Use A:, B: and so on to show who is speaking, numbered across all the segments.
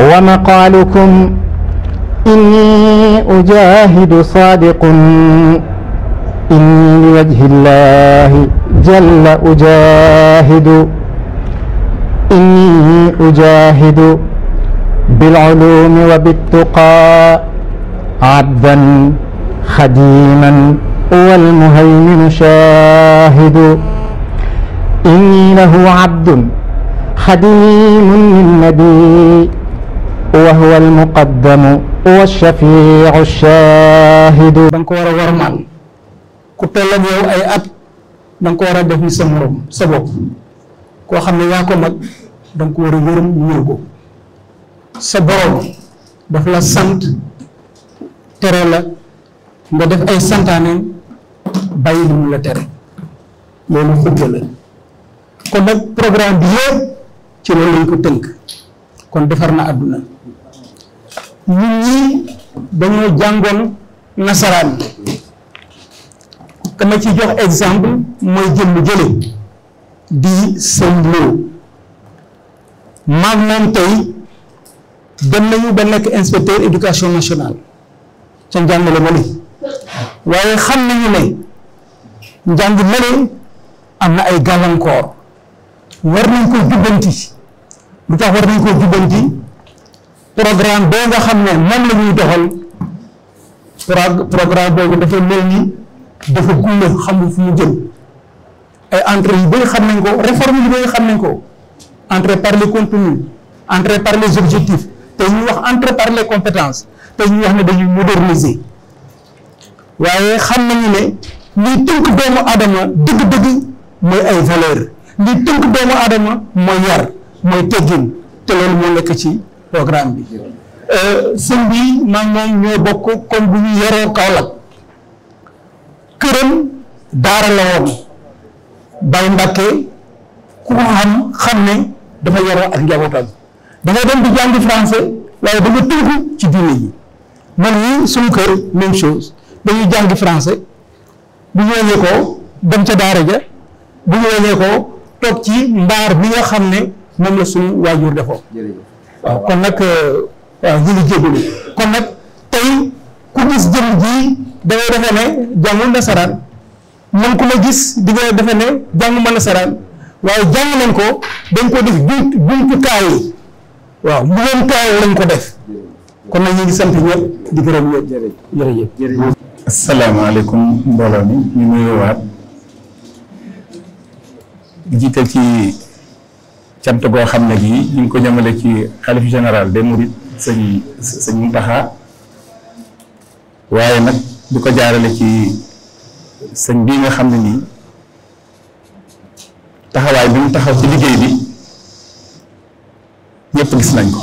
A: ومقالكم إني أجاهد صادق إني لوجه الله جل أجاهد إني أجاهد بالعلوم وبالتقى عبدا خديما والمهيمن شاهد إني له عبد خديم من نبي وهو المقدم والشفيع الشاهد دنكو ورا ورمان ku tolog yow ay at dang ko war a def ni sa sant tere la nga bàyyi lu mu la tere loolu xujja la kon nag programme bi yëpp ci loolu lañ ko tënk kon defar na àdduna nit ñi dañoo jàngoon nasaraan dama ci jox exemple mooy jëmm jële di sëñ Lo maag moom tey dem nañu ba nekk inspecteur éducation nationale ca njàngale ma li waaye xam nañu ne njàng mënee am na ay gàllankoor war nañ ko jubbanti lu tax war nañ ko jubbanti programme boo nga xam ne moom la ñuy doxal programme boobu dafa mel ni dafa gulle xamul fu mu jëm ay entrées yu xam nañ ko réforme yu xam nañ ko entrée par les contenus entrée par les te ñuy wax entrée par les compétences te ñuy wax ne dañuy moderniser waaye xam nañu ne liy tënk doomu adama dëgg-dëgg mooy ay valeur liy tënk doomu adama mooy yar mooy teggin te loolu moo nekk ci programme bi euh, sëñ maa ngi moom ñoo bokk comme bu ñu yaroo Kaolack këram daara la woon Baye ku ko xam xam dafa yaroo ak njabootam da dem di jàngi français waaye da nga ci diine man yi suñu kër même chose dañuy jàngi français bu ñu wàññee ko dem ca daara ja bu ñu wàññee ko toog ci mbaar bi nga xam ne moom la suñu waajur defoo waaw kon nag waaw ñu ngi jégalu kon nag tey ku gis jëmm ji dangay defe ne jàngul nasaraan man ku la gis di nga defe ne jànguma nasaraan waaye jàng nañ ko dañ ko def jum jumtukaay waaw mbugoon kaay lañ ko def kon nag ñu ngi sant ñëpp di gërëm ñëpp asalaamaaleykum mbooloo mi ñu nuyuwaat di jiital ci cant goo xam ne gii ñu ngi ko jëmale ci xalif général de mourides sëñ sëñ Muntaxa waaye nag di ko jaarale ci sëñ bii nga xam ne nii taxawaay bi mu taxaw ci liggéey bi ñëpp gis nañ ko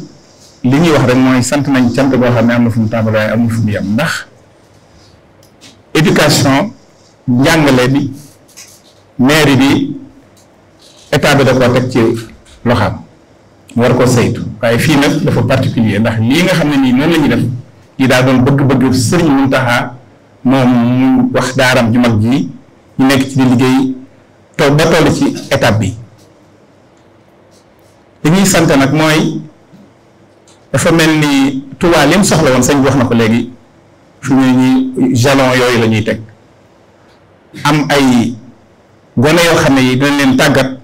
A: li ñuy wax rek mooy sant nañ cant boo xam ne am na fu mu tàmbali waaye am na fu mu yem ndax éducation njàngale bi mairie bi état bi da koo teg ci loxaam mu war koo saytu waaye fii nag dafa particulier ndax lii nga xam ne nii noonu lañuy ñuy def lii daa doon bëgg-bëgg sëriñ Muntaxa moom mu wax daaram ju mag ji ñu nekk ci di liggéey toog ba toll ci étape bi li ñuy sant nag mooy dafa mel ni Touba lim soxla woon sëñ bi wax na ko léegi fi ñuy jalon yooyu lañuy teg am ay gone yoo xam ne yi dinañ leen tàggat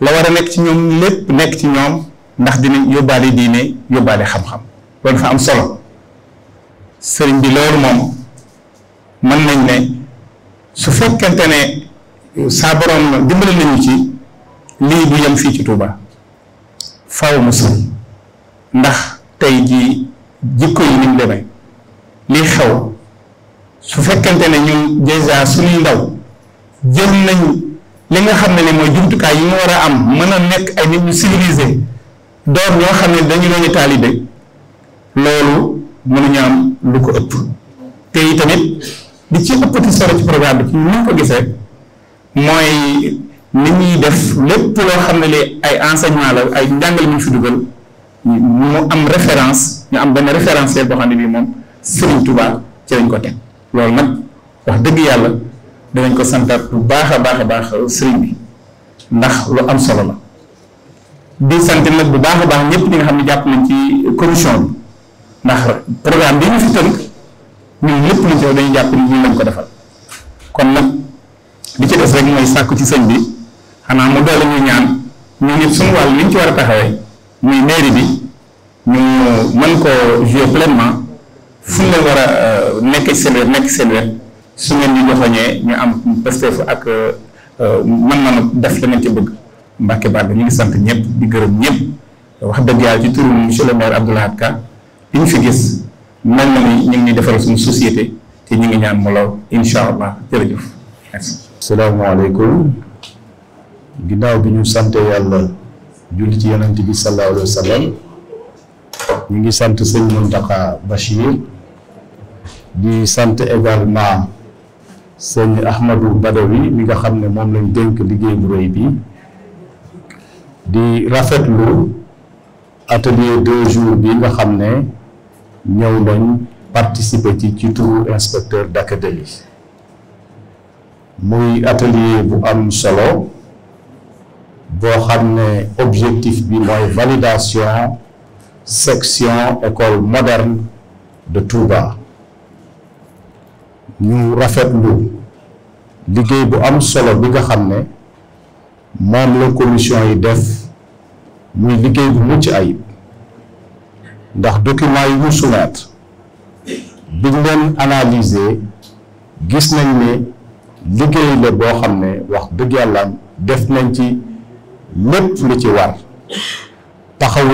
A: la war a nekk ci ñoom lépp nekk ci ñoom ndax dinañ yóbbaale diine yóbbaale xam-xam loolu dafa am solo sëriñ bi loolu moom mën nañ ne su fekkente ne saa borom dimbale nañu ci lii du yem fii ci Touba faaw mu sori ndax tey jii jikko yi ni mu demee xew su fekkente ne ñun dèjà suñuy ndaw jël nañu li nga xam ne ni mooy jumtukaay yi ñu war a am mën a nekk ay nit ñu civilisé door ñoo xam ne dañu doon taalibe loolu mënuñu am lu ko ëpp te tamit li ci ëppati solo ci programme bi ci ñu ko gisee mooy ni ñuy def lépp loo xam ne li ay enseignement la ay njàngale ñu fi dugal mu am référence ñu am benn référentiel boo xam ne bii moom Serigne Touba ci lañ ko teg loolu nag wax dëgg yàlla danañ ko santaat bu baax a baax Serigne bi ndax lu am solo la di sant nag bu baax a baax ñëpp ñi nga xam ne jàpp nañ ci commission bi ndax programme bi ñu fi tënk ñun lépp luñ ci wax dañuy ñu lañ ko defal kon nak di ci des rek mooy sàkku ci sëñ bi xanaa mu doole ñu ñaan ñun ñëpp suñu wàll liñ ci muy mairie bi ñu euh, man ko jouer pleinement fu mu war a euh, nekk seen wet nekk seen wet su ngeen ñu joxoñee ñu am Pastef ak euh, mën manu def la ngeen ci bëgg Mbacke Balla ñu ngi sant ñëpp di gërëm ñëpp wax dëgg yàlla ci turu monsieur le maire Abdou li ñu fi gis mel na ni ñu ngi ñuy defaral suñu société te ñu ngi ñaan mu law incha allah jërëjëf merci. asalaamaaleykum ginnaaw bi ñu sant yàlla. julli ci yonent bi sallallahu alayhi wa sallam ñu ngi sant sëñ Mountakha Bachir di sant également sëñ Ahmadou Badawi mi nga xam ne moom lañ dénk liggéey bu rëy bi di rafetlu atelier deux jours bi nga xam ne ñëw nañ participer ci ci turu inspecteur d'académie muy atelier bu am solo boo xam objectif bi mooy validation section école moderne de Touba ñu rafetlu liggéey bu am solo bi nga xam ne moom commission yi def muy liggéey bu mucc ayib ndax document yi ñu soumettre biñ leen analyser gis nañ ne liggéey la boo xam wax dëgg yàlla def nañ ci lépp lu ci war taxawu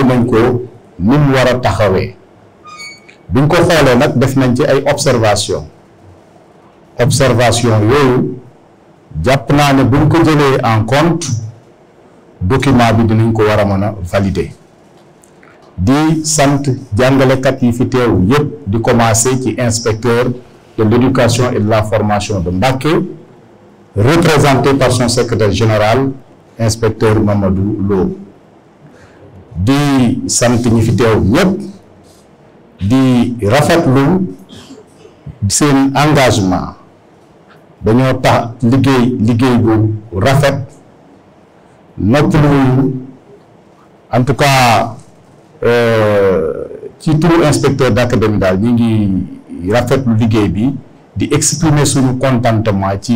A: observation observation yooyu jàpp naa ne en compte document bi dinañ ko yi inspecteur de l'éducation et de la formation de représenté par son secrétaire général inspecteur Mamadou Lo di sant ñi fi teew ñëpp di rafetlu seen engagement dañoo tax liggéey liggéey bu rafet noppaluwuñu en tout euh, ci turu inspecteur d'académie daal ñu ngi rafetlu liggéey bi di exprimer suñu contentement ci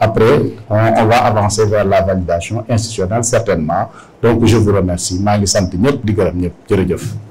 A: Après, on, va avancer vers la validation institutionnelle, certainement. Donc, je vous remercie. Je vous remercie.